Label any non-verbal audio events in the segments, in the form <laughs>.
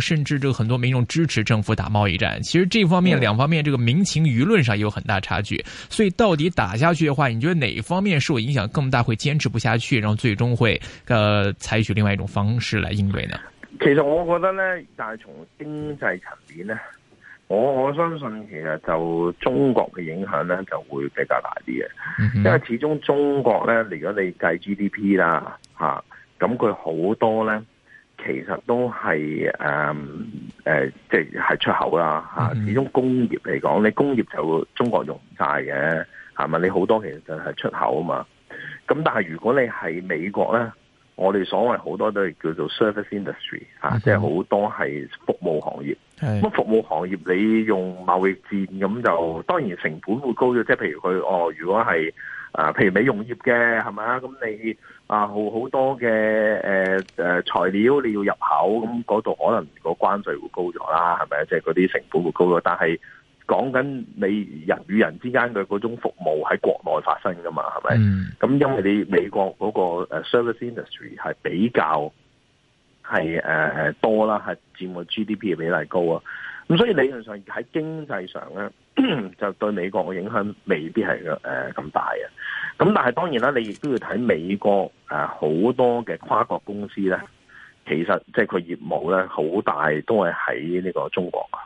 甚至這個很多民眾支持政府打貿易戰，其實這方面兩方面這個民情輿論上有很大差距。所以到底打下去的話，你覺得哪一方面受影響更大，會堅持不下去，然後最終會呃採取另外一種方式來應對呢？其實我覺得呢，但係從經濟層面呢，我我相信其實就中國嘅影響呢就會比較大啲嘅，因為始終中國呢，如果你計 GDP 啦，吓，咁佢好多咧。其實都係誒誒，即係出口啦、mm-hmm. 始終工業嚟講，你工業就中國用晒嘅係咪？你好多其實就係出口啊嘛。咁但係如果你係美國咧，我哋所謂好多都係叫做 service industry 吓、mm-hmm.，即係好多係服務行業。咁、mm-hmm. 服務行業你用貿易戰咁就當然成本會高咗，即係譬如佢哦，如果係。啊，譬如美容業嘅係咪啊？咁你啊，好好多嘅誒誒材料你要入口，咁嗰度可能個關稅會高咗啦，係咪？即係嗰啲成本會高咗。但係講緊你人與人之間嘅嗰種服務喺國內發生噶嘛，係咪？咁、mm. 因為你美國嗰個誒 service industry 係比較係誒誒多啦，係佔個 GDP 嘅比例高啊。咁所以理論上喺經濟上咧。 <noise> 就對美國嘅影響未必係誒咁大嘅。咁但係當然啦，你亦都要睇美國誒好多嘅跨國公司咧，其實即係佢業務咧好大，都係喺呢個中國啊！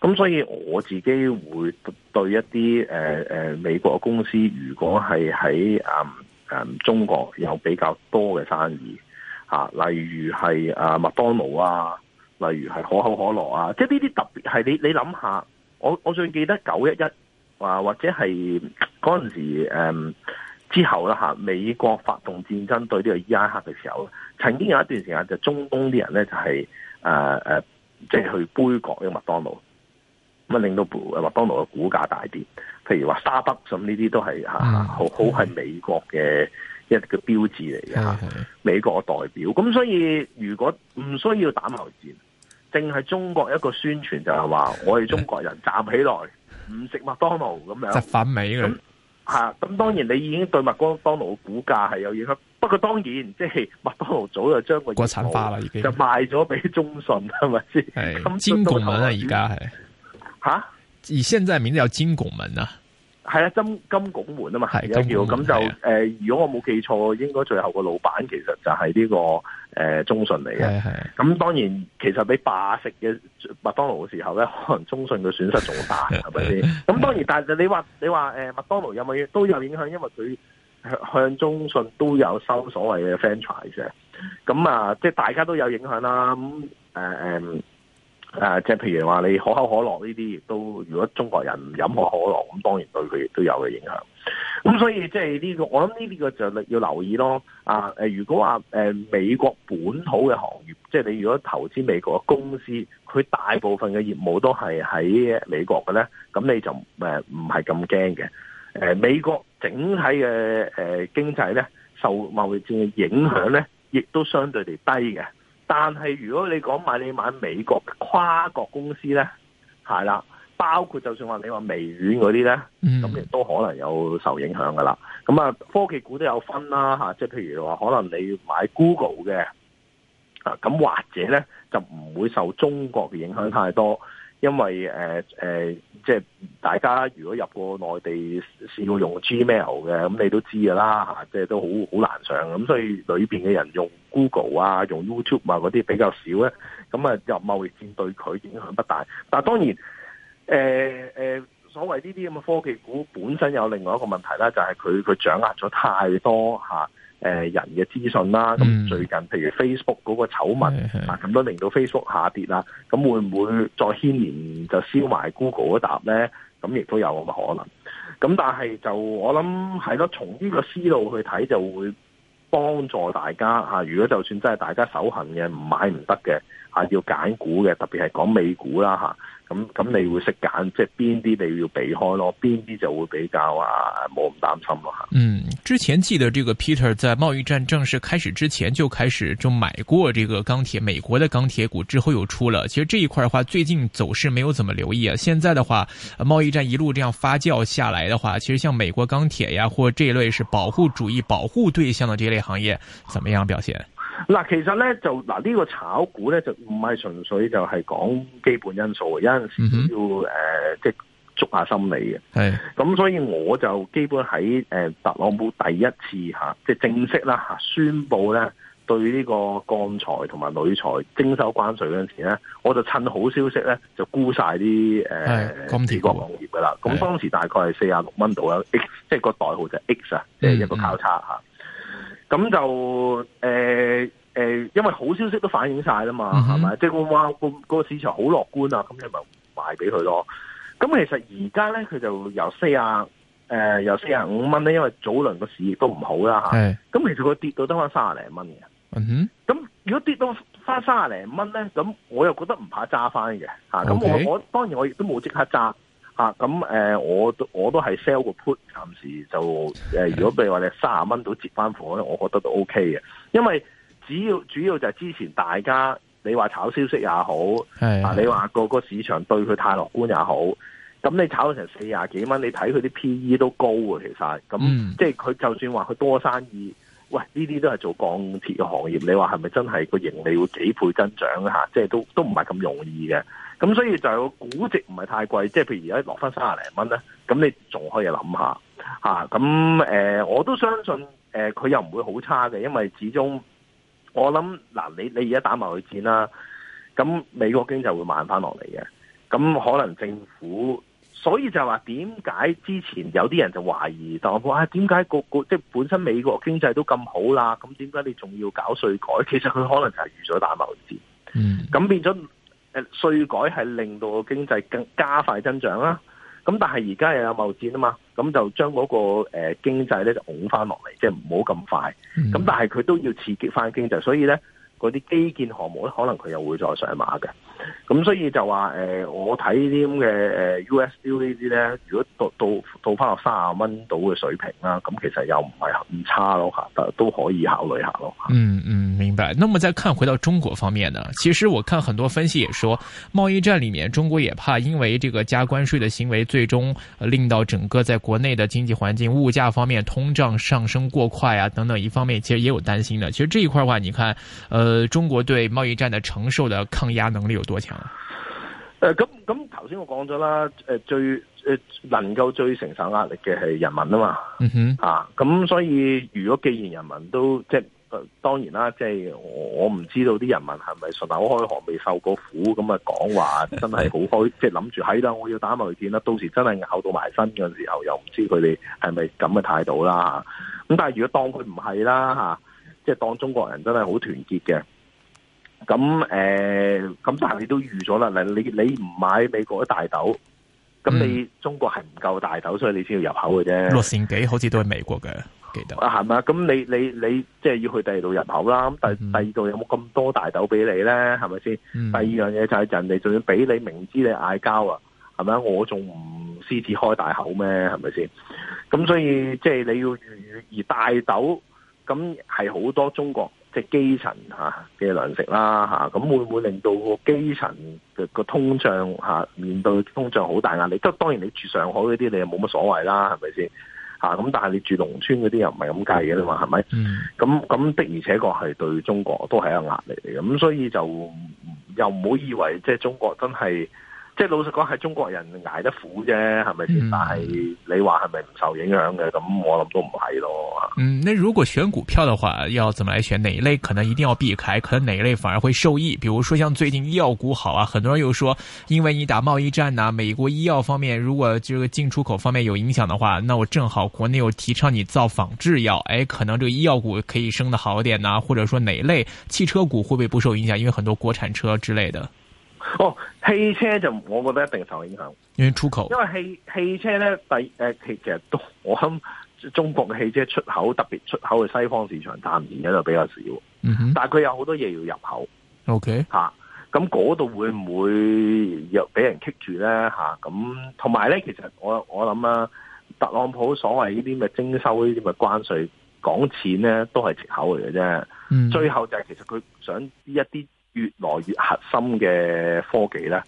咁所以我自己會對一啲誒誒美國公司，如果係喺誒誒中國有比較多嘅生意啊，例如係誒麥當勞啊，例如係可口可樂啊，即係呢啲特別係你你諗下。我我最記得九一一，或或者係嗰陣時候、嗯、之後啦嚇，美國發動戰爭對呢個伊拉克嘅時候，曾經有一段時間就中東啲人咧就係誒誒，即、呃、係、呃就係、去杯葛嘅麥當勞，咁啊令到麥當勞嘅股價大跌。譬如話沙北咁呢啲都係嚇，嗯、好好係美國嘅一個標誌嚟嘅嚇，美國嘅代表。咁所以如果唔需要打貿戰。定係中國一個宣傳，就係話我哋中國人站起來，唔食麥當勞咁樣，就反美嘅。咁咁當然你已經對麥當勞股價係有影響，不過當然即係麥當勞早就將個國產化啦，已經就 <laughs> 賣咗俾中信係咪先？是是 <laughs> 金拱門啊，而家係嚇，啊、而現在名字叫金拱門啊！係啊，金金拱門啊嘛，而家叫咁就誒、呃，如果我冇記錯，應該最後個老闆其實就係呢、這個誒、呃、中信嚟嘅。咁當然，其實比霸食嘅麥當勞嘅時候咧，可能中信嘅損失仲大係咪先？咁 <laughs> 當然，啊、但係你話你話誒麥當勞有冇都有影響？因為佢向向中信都有收所謂嘅 franchise。咁、呃、啊，即係大家都有影響啦。咁誒誒。呃誒、啊，即係譬如話，你可口可樂呢啲，亦都如果中國人唔飲個可樂，咁當然對佢亦都有嘅影響。咁所以即係呢個，我諗呢啲嘅就要留意咯。啊，誒，如果話誒、呃、美國本土嘅行業，即係你如果投資美國嘅公司，佢大部分嘅業務都係喺美國嘅咧，咁你就誒唔係咁驚嘅。誒、呃呃，美國整體嘅誒、呃、經濟咧，受貿易戰嘅影響咧，亦都相對地低嘅。但係如果你講買你買美國跨國公司咧，係啦，包括就算話你話微軟嗰啲咧，咁亦都可能有受影響噶啦咁啊，科技股都有分啦吓，啊，即係譬如話可能你買 Google 嘅，咁或者咧就唔會受中國嘅影響太多。因為誒誒、呃呃，即係大家如果入過內地試過用 Gmail 嘅，咁你都知㗎啦嚇，即係都好好難上咁，所以裏面嘅人用 Google 啊，用 YouTube 啊嗰啲比較少咧，咁啊，入貿易戰對佢影響不大，但當然誒、呃呃所謂呢啲咁嘅科技股本身有另外一個問題啦，就係佢佢掌握咗太多人嘅資訊啦。咁、mm. 最近譬如 Facebook 嗰個醜聞啊，咁、mm. 都令到 Facebook 下跌啦。咁會唔會再牽連就燒埋 Google 一噠咧？咁亦都有咁嘅可能。咁但係就我諗係咯，從呢個思路去睇就會幫助大家。如果就算真係大家手痕嘅，唔買唔得嘅要揀股嘅，特別係講美股啦咁咁你會識揀，即係邊啲你要避開咯，邊啲就會比較啊冇咁擔心咯吓。嗯，之前記得這個 Peter 在貿易戰正式開始之前就開始就買過這個鋼鐵，美國的鋼鐵股之後又出了。其實這一塊的話，最近走勢沒有怎麼留意啊。現在的話，貿易戰一路這樣發酵下來的話，其實像美國鋼鐵呀或這一類是保護主義保護對象的這一類行業，怎麼樣表現？嗱，其實咧就嗱呢、這個炒股咧就唔係純粹就係講基本因素，有陣時要誒、嗯呃、即係捉下心理嘅。咁，所以我就基本喺、呃、特朗普第一次、啊、即係正式啦、啊、宣佈咧對呢個鋼材同埋鋁材徵收關稅嗰陣時咧，我就趁好消息咧就沽晒啲誒金鐵工業嘅啦。咁當時大概係四廿六蚊度啦，X 即係個代號就 X 啊、嗯、即、就、係、是、一個交叉咁就誒誒、呃呃，因為好消息都反映晒啦嘛，係、嗯、咪？即係我話個個市場好樂觀啊，咁你咪賣俾佢咯。咁其實而家咧，佢就由四啊誒，由四啊五蚊咧，因為早輪個市亦都唔好啦嚇。咁、啊、其實佢跌到得翻三啊零蚊嘅。咁、嗯、如果跌到翻三啊零蚊咧，咁我又覺得唔怕揸翻嘅嚇。咁、okay? 啊、我我當然我亦都冇即刻揸。啊，咁誒、呃，我都我都係 sell 個 put，暫時就誒、呃，如果譬如話你三十蚊到接翻貨咧，我覺得都 OK 嘅，因為主要主要就係之前大家你話炒消息也好，啊、你話個個市場對佢太樂觀也好，咁你炒成四廿幾蚊，你睇佢啲 P E 都高喎。其實，咁、嗯、即係佢就算話佢多生意，喂，呢啲都係做鋼鐵嘅行業，你話係咪真係個盈利會幾倍增長咧、啊？即係都都唔係咁容易嘅。咁所以就估值唔係太貴，即係譬如而家落翻三十零蚊咧，咁你仲可以諗下吓。咁、啊、誒、呃，我都相信誒，佢、呃、又唔會好差嘅，因為始終我諗嗱，你你而家打貿易戰啦，咁美國經濟會慢翻落嚟嘅。咁可能政府，所以就話點解之前有啲人就懷疑特朗普，啊，點解個個即係本身美國經濟都咁好啦，咁點解你仲要搞稅改？其實佢可能就係預咗打貿易戰，咁變咗。誒稅改係令到經濟更加快增長啦，咁但係而家又有貿戰啊嘛，咁就將嗰個誒經濟咧就拱翻落嚟，即係唔好咁快。咁但係佢都要刺激翻經濟，所以咧。嗰啲基建項目咧，可能佢又會再上馬嘅。咁所以就話誒、呃，我睇、呃、呢啲咁嘅誒 USU 呢啲咧，如果到到到翻落三啊蚊到嘅水平啦、啊，咁其實又唔係唔差咯嚇，都都可以考慮下咯。嗯嗯，明白。那麼再看回到中國方面呢，其實我看很多分析也說，貿易戰裡面中國也怕因為這個加關稅嘅行為，最終、呃、令到整個在國內的經濟環境、物價方面通脹上升過快啊等等，一方面其實也有擔心嘅。其實呢一塊話，你看，呃。中國對貿易戰嘅承受嘅抗壓能力有多強？誒、嗯，咁咁頭先我講咗啦，誒、呃、最誒、呃、能夠最承受壓力嘅係人民啊嘛，啊嗯、哼，啊，咁所以如果既然人民都即係、呃，當然啦，即係我唔知道啲人民係咪順口開河未受過苦，咁啊講話真係好開， <laughs> 即係諗住喺啦，我要打貿易戰啦，到時真係咬到埋身嘅時候，又唔知佢哋係咪咁嘅態度啦吓。咁、啊、但係如果當佢唔係啦吓、啊，即係當中國人真係好團結嘅。咁誒，咁、呃、但係你都預咗啦。嗱，你你唔買美國嘅大豆，咁你中國係唔夠大豆，所以你先要入口嘅啫。六成幾好似都係美國嘅，記得啊，係咪啊？咁你你你即係、就是、要去第二度入口啦。咁第第二度有冇咁多大豆俾你咧？係咪先？第二樣嘢就係人哋就算俾你，明知你嗌交啊，係咪啊？我仲唔獅子開大口咩？係咪先？咁所以即係、就是、你要預而大豆咁係好多中國。即係基層嚇嘅糧食啦嚇，咁會唔會令到個基層嘅個通脹嚇面對通脹好大壓力？都當然你住上海嗰啲你又冇乜所謂啦，係咪先嚇？咁但係你住農村嗰啲又唔係咁計嘅，你話係咪？咁咁、嗯、的而且確係對中國都係一個壓力嚟嘅，咁所以就又唔好以為即係中國真係。即係老實講，係中國人捱得苦啫，係咪先？但係你話係咪唔受影響嘅？咁我諗都唔係咯。嗯，那如果選股票嘅話，要怎麼來選？哪一類可能一定要避開？可能哪一類反而會受益？比如說，像最近醫藥股好啊，很多人又說，因為你打貿易戰啊，美國醫藥方面如果這個進出口方面有影響的話，那我正好國內又提倡你造仿製藥，誒、欸，可能這個醫藥股可以升得好點啊。或者說，哪一類汽車股會不會不受影響？因為很多國產車之類的。哦、oh，汽車就我覺得一定受影響，因為出口，因為汽汽車咧第誒其其實都我諗中國嘅汽車出口特別出口去西方市場，近年咧就比較少，嗯哼、但係佢有好多嘢要入口，OK 吓、啊，咁嗰度會唔會又俾人棘住咧吓？咁同埋咧，其實我我諗啊，特朗普所謂呢啲嘅徵收呢啲嘅關稅，講錢咧都係借口嚟嘅啫，最後就係其實佢想一啲。越來越核心嘅科技咧，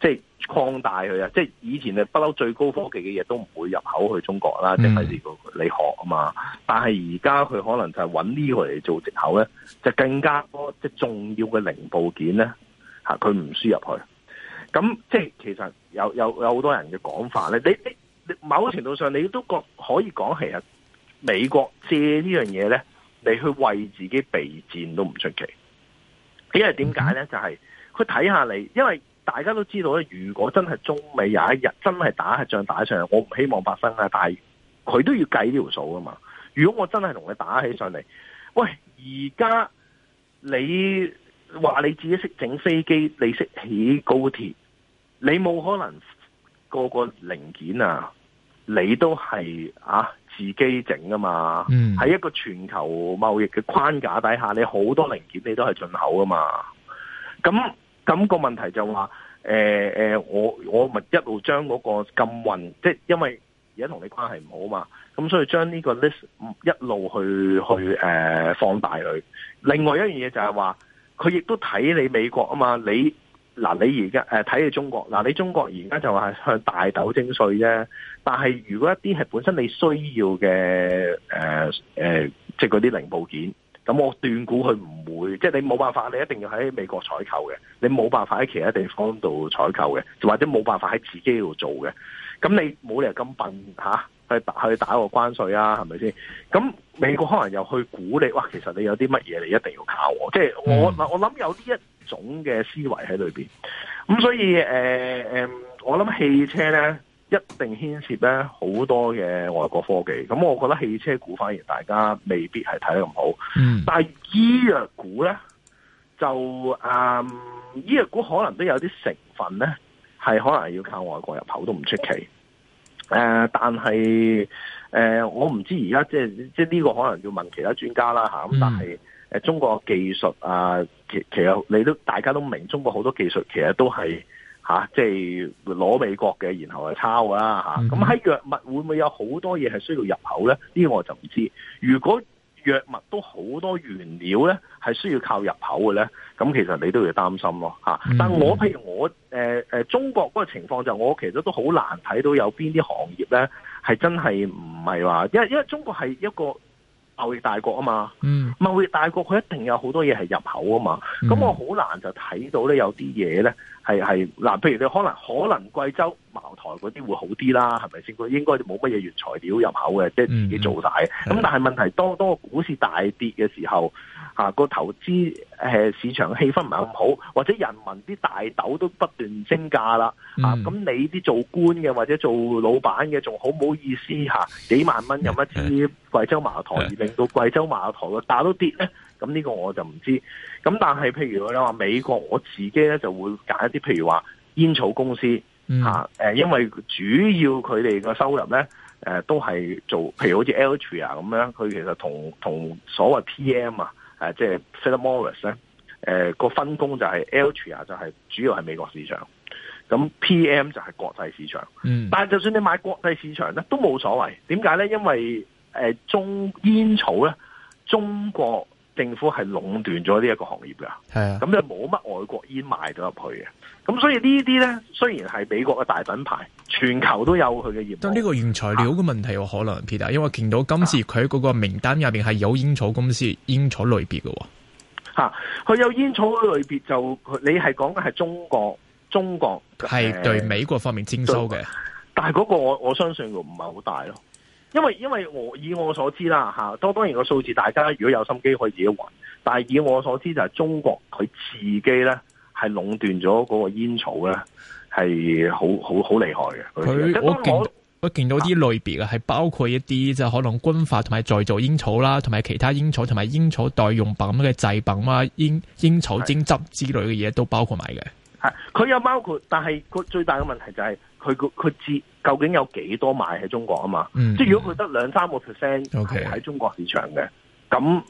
即係擴大佢啊！即係以前誒，不嬲最高科技嘅嘢都唔會入口去中國啦，即、嗯、係、就是、你，你學啊嘛。但係而家佢可能就係搵呢個嚟做藉口咧，就更加多即係重要嘅零部件咧，吓佢唔輸入去。咁即係其實有有有好多人嘅講法咧，你你，你某程度上你都覺得可以講其實美國借呢樣嘢咧嚟去為自己備戰都唔出奇。因為點解咧？就係佢睇下你，因為大家都知道咧，如果真係中美有一日真係打起仗打上嚟，我唔希望發生啊！但係佢都要計呢條數㗎嘛。如果我真係同佢打起上嚟，喂，而家你話你自己識整飛機，你識起高鐵，你冇可能個個零件啊，你都係啊？自己整啊嘛，喺一個全球貿易嘅框架底下，你好多零件你都係進口啊嘛，咁咁個問題就話，誒誒，我我咪一路將嗰個禁運，即係因為而家同你關係唔好嘛，咁所以將呢個 list 一路去去誒放大佢。另外一樣嘢就係話，佢亦都睇你美國啊嘛，你。嗱、啊，你而家誒睇你中國，嗱你中國而家就話向大豆徵稅啫。但係如果一啲係本身你需要嘅誒誒，即嗰啲零部件，咁我斷估佢唔會，即係你冇辦法，你一定要喺美國採購嘅，你冇辦法喺其他地方度採購嘅，或者冇辦法喺自己度做嘅。咁你冇理由咁笨、啊、去打去打個關稅啊？係咪先？咁美國可能又去鼓勵：「哇！其實你有啲乜嘢你一定要靠我，即係我我諗有啲。一、嗯。總嘅思維喺裏邊，咁所以誒誒、呃，我諗汽車咧一定牽涉咧好多嘅外國科技，咁我覺得汽車股反而大家未必係睇得咁好。嗯、但係醫藥股咧就誒，醫、呃、藥股可能都有啲成分咧，係可能要靠外國入口都唔出奇。誒、呃，但係誒、呃，我唔知而家即係即係呢個可能要問其他專家啦吓。咁但係誒、嗯，中國技術啊。其實你都大家都明，中國好多技術其實都係吓，即係攞美國嘅，然後去抄啦吓。咁喺藥物會唔會有好多嘢係需要入口咧？呢個我就唔知。如果藥物都好多原料咧，係需要靠入口嘅咧，咁其實你都要擔心咯吓、啊。但我譬如我誒誒、呃，中國嗰個情況就是、我其實都好難睇到有邊啲行業咧係真係唔係話，因為因為中國係一個。貿易大國啊嘛，貿易大國佢一定有好多嘢係入口啊嘛，咁我好難就睇到咧有啲嘢咧係係嗱，譬如你可能可能貴州茅台嗰啲會好啲啦，係咪先？佢應該冇乜嘢原材料入口嘅，即係自己做大。咁、嗯嗯、但係問題多多，股市大跌嘅時候。啊！那個投資、啊、市場氣氛唔係咁好，或者人民啲大豆都不斷升價啦。啊，咁、嗯啊、你啲做官嘅或者做老闆嘅仲好唔好意思嚇、啊？幾萬蚊飲一支貴州茅台、嗯、而令到貴州茅台嘅打都跌咧？咁、啊、呢個我就唔知。咁但係譬如你話美國，我自己咧就會揀一啲譬如話煙草公司嚇誒、啊嗯啊，因為主要佢哋嘅收入咧誒、啊、都係做，譬如好似 Altria 咁樣，佢其實同同所謂 PM 啊。誒即係 Philip Morris 呢，誒個分工就係 Altria 就係主要係美國市場，咁 PM 就係國際市場。嗯、但係就算你買國際市場呢都冇所謂。點解呢？因為、呃、中煙草呢中國。政府係壟斷咗呢一個行業噶，係啊，咁就冇乜外國煙賣咗入去嘅，咁所以呢啲咧，雖然係美國嘅大品牌，全球都有佢嘅業務。但呢個原材料嘅問題，可能 Peter、啊、因為見到今次佢嗰個名單入邊係有煙草公司、煙、啊、草類別㗎吓，佢、啊、有煙草類別就，你係講緊係中國，中國係對美國方面徵收嘅，但係嗰個我我相信唔係好大咯。因為因為我以我所知啦吓，當當然個數字大家如果有心機可以自己搵，但係以我所知就係、是、中國佢自己咧係壟斷咗嗰個煙草咧係好好好厲害嘅。佢、就是、我見我見到啲類別嘅係包括一啲就係可能軍法同埋再造煙草啦，同埋其他煙草同埋煙草代用品嘅製品啦，煙煙草精汁之類嘅嘢都包括埋嘅。係佢有包括，但係個最大嘅問題就係、是。佢佢佢知究竟有幾多賣喺中國啊嘛、嗯？即係如果佢得兩三個 percent 喺中國市場嘅，咁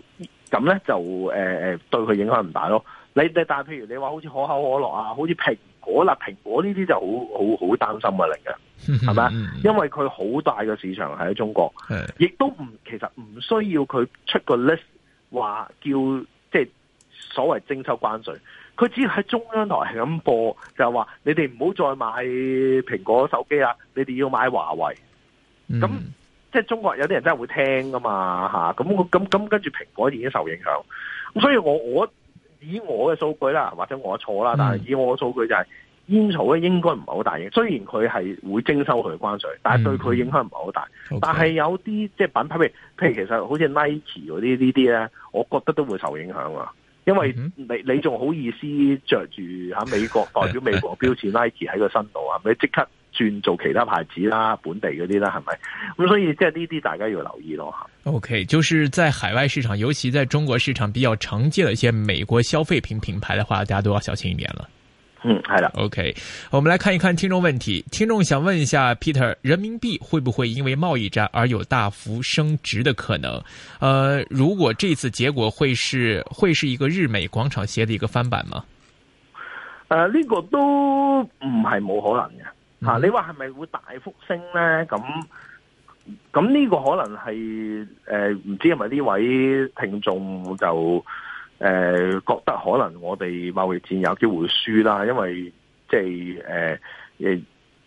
咁咧就誒誒、呃、對佢影響唔大咯。你你但係譬如你話好似可口可樂啊，好似蘋果啦，蘋果呢啲就好好好擔心嘅嚟嘅，係 <laughs> 咪？因為佢好大嘅市場係喺中國，亦都唔其實唔需要佢出個 list 話叫即係所謂徵收關稅。佢只要喺中央台係咁播，就話、係、你哋唔好再買蘋果手機啊！你哋要買華為。咁即係中國有啲人真係會聽噶嘛吓？咁咁咁跟住蘋果已經受影響。咁所以我我以我嘅數據啦，或者我錯啦，但係以我嘅數據就係、係嗯、煙草咧，應該唔係好大影響。雖然佢係會徵收佢嘅關稅，嗯、但係對佢影響唔係好大。Okay. 但係有啲即係品牌，譬如其實好似 Nike 嗰啲呢啲咧，我覺得都會受影響啊。因為你你仲好意思着住喺美國代表美國標誌 Nike 喺個身度啊？咪 <laughs> 即刻轉做其他牌子啦，本地嗰啲啦，係咪？咁所以即係呢啲大家要留意咯吓。OK，就是在海外市場，尤其在中國市場比較常見的一些美國消費品品牌的話，大家都要小心一點了。嗯係啦，OK，我們來看一看聽眾問題。聽眾想問一下 Peter，人民幣會不會因為貿易戰而有大幅升值的可能？呃，如果這次結果會是會是一個日美廣場協的一個翻版嗎？呃呢個都唔係冇可能嘅吓、啊嗯，你話係咪會大幅升呢？咁咁呢個可能係誒唔知係咪呢位聽眾就。誒、呃，覺得可能我哋貿易戰有機會輸啦，因為即係誒，誒、就是呃，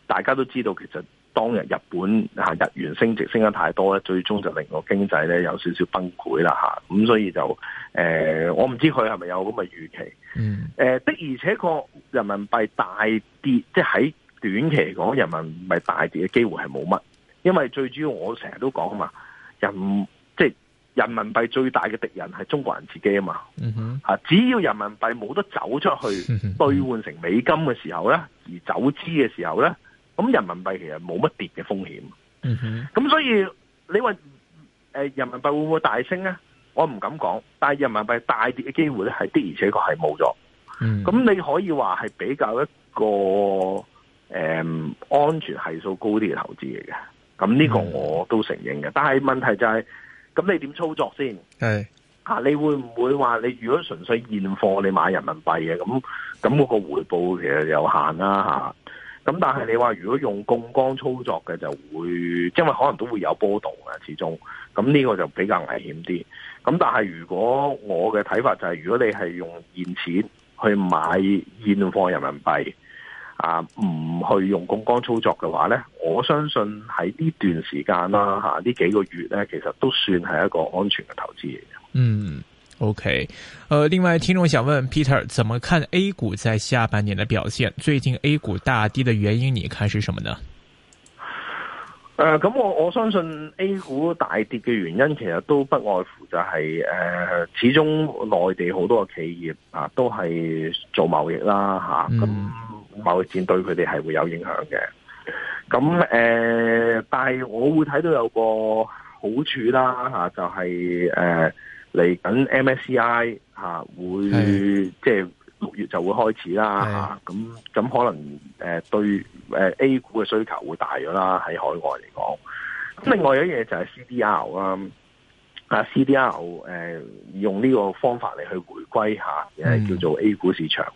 大家都知道，其實當日日本吓日元升值升得太多咧，最終就令個經濟咧有少少崩潰啦吓，咁、啊、所以就誒、呃，我唔知佢係咪有咁嘅預期，誒、mm. 呃、的而且確人民幣大跌，即係喺短期嚟講，人民幣大跌嘅機會係冇乜，因為最主要我成日都講啊嘛，人。人民幣最大嘅敵人係中國人自己啊嘛，吓、mm-hmm. 只要人民幣冇得走出去兌換成美金嘅時候咧， <laughs> 而走資嘅時候咧，咁人民幣其實冇乜跌嘅風險，咁、mm-hmm. 所以你話誒、呃、人民幣會唔會大升咧？我唔敢講，但係人民幣大跌嘅機會咧係的而且確係冇咗，咁、mm-hmm. 你可以話係比較一個誒、嗯、安全系數高啲嘅投資嚟嘅，咁呢個我都承認嘅，mm-hmm. 但係問題就係、是。咁你點操作先？係、啊、你會唔會話你如果純粹現貨你買人民幣嘅，咁咁嗰個回報其實有限啦、啊、吓。咁、啊、但係你話如果用槓杆操作嘅就會，因為可能都會有波動嘅始終。咁呢個就比較危險啲。咁但係如果我嘅睇法就係、是，如果你係用現錢去買現貨人民幣。啊，唔去用槓桿操作嘅話呢，我相信喺呢段時間啦、啊，吓、啊、呢幾個月呢，其實都算係一個安全嘅投資嚟。嗯，OK、呃、另外聽眾想問 Peter，怎麼看 A 股在下半年嘅表現？最近 A 股大跌嘅原因，你看是什麼呢？誒，咁我我相信 A 股大跌嘅原因，其實都不外乎就係誒，始終內地好多企業啊，都係做貿易啦，吓、嗯、咁。貿易戰對佢哋係會有影響嘅，咁誒、呃，但係我會睇到有個好處啦吓、啊，就係誒嚟緊 MSCI 吓、啊、會即係六月就會開始啦吓，咁咁、啊、可能誒、呃、對誒 A 股嘅需求會大咗啦，喺海外嚟講。咁另外有一嘢就係 CDR 啦、啊，啊 CDR 誒、呃、用呢個方法嚟去回歸下、啊，叫做 A 股市場。嗯嗯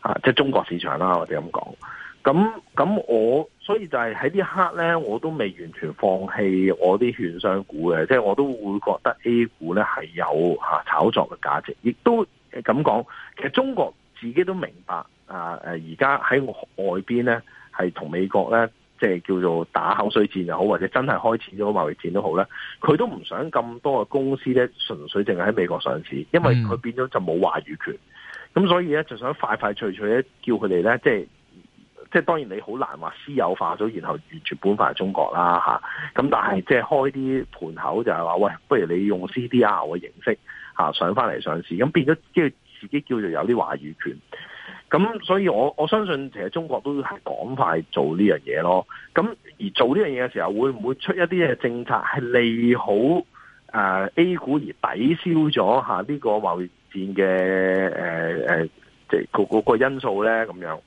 啊，即係中國市場啦，我哋咁講，咁咁我所以就係喺呢一刻咧，我都未完全放棄我啲券商股嘅，即係我都會覺得 A 股咧係有吓炒作嘅價值，亦都咁講。其實中國自己都明白啊，誒而家喺外邊咧係同美國咧，即係叫做打口水戰又好，或者真係開始咗貿易戰都好咧，佢都唔想咁多嘅公司咧，純粹淨係喺美國上市，因為佢變咗就冇話語權。咁所以咧，就想快快脆脆咧，叫佢哋咧，即係即係，當然你好難話私有化咗，然後完全搬翻嚟中國啦，吓。咁但係即係開啲盤口，就係話喂，不如你用 CDR 嘅形式吓上翻嚟上市，咁變咗即係自己叫做有啲話語權。咁所以我我相信其實中國都係趕快做呢樣嘢咯。咁而做呢樣嘢嘅時候，會唔會出一啲嘅政策係利好誒 A 股而抵消咗吓呢個話戰嘅誒誒，即係個個因素咧，咁樣，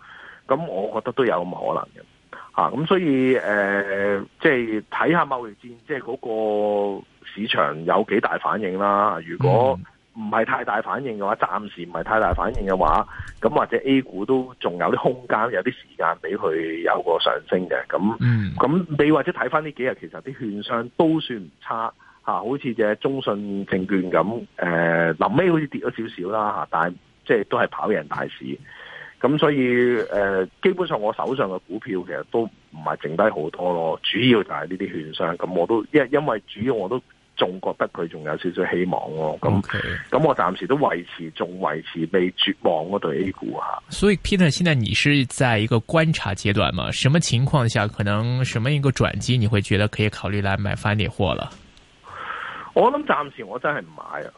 咁我覺得都有咁可能嘅，吓、啊，咁所以誒，即係睇下貿易戰，即係嗰個市場有幾大反應啦。如果唔係太大反應嘅話，暫時唔係太大反應嘅話，咁或者 A 股都仲有啲空間，有啲時間俾佢有個上升嘅。咁，咁、嗯、你或者睇翻呢幾日，其實啲券商都算唔差。吓，好似就係中信證券咁，誒，臨尾好似跌咗少少啦吓，但係即係都係跑贏大市，咁所以誒，基本上我手上嘅股票其實都唔係剩低好多咯，主要就係呢啲券商咁，我都因因為主要我都仲覺得佢仲有少少希望囉。咁、okay. 咁我暫時都維持仲維持未絕望嗰對 A 股吓。所以 Peter，現在你是在一個觀察階段嘛？什麼情況下可能什麼一個轉機，你會覺得可以考慮來買翻啲貨啦？我諗暫時我真係唔買啊！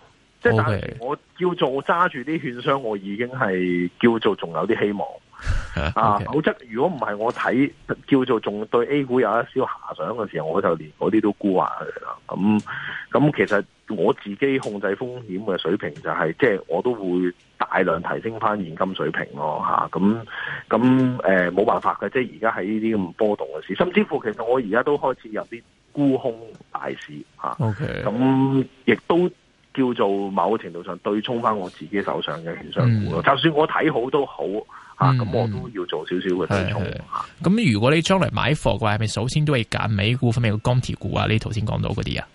即係，但係我叫做揸住啲券商，我已經係叫做仲有啲希望、 <laughs> okay. 啊。否則如果唔係，我睇叫做仲對 A 股有一少遐想嘅時候，我就連嗰啲都沽埋。佢、嗯、啦。咁、嗯、咁，其實我自己控制風險嘅水平就係、是，即、就、係、是、我都會大量提升翻現金水平咯。吓、啊，咁咁誒，冇、嗯嗯嗯、辦法嘅，即係而家喺呢啲咁波動嘅事，甚至乎其實我而家都開始有啲。沽空大市 OK 咁亦都叫做某程度上對沖翻我自己手上嘅券商股咯、嗯。就算我睇好都好咁、啊嗯嗯、我都要做少少嘅對沖咁如果你將嚟買貨嘅話，係咪首先都係揀美股，分咪個鋼鐵股啊？你頭先講到嗰啲啊？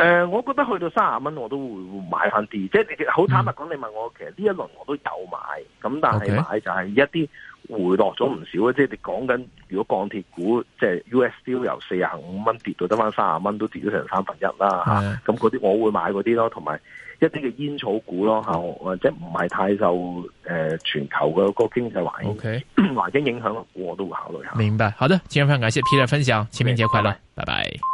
誒、呃，我覺得去到卅蚊我都會買翻啲，即係你好坦白講，嗯，你問我其實呢一輪我都有買，咁但係買就係一啲回落咗唔少、嗯、即係你講緊如果鋼鐵股即係 USD 由四十五蚊跌到得翻卅蚊，都跌咗成三分一啦吓，咁嗰啲我會買嗰啲咯，同埋一啲嘅煙草股咯吓、嗯啊呃嗯 okay, <coughs> 或唔係太受誒全球嘅個經濟環境環境影響我都會考慮下。明白，好的，今日非常感謝 Peter 分享，清明節快樂，拜拜。拜拜拜拜。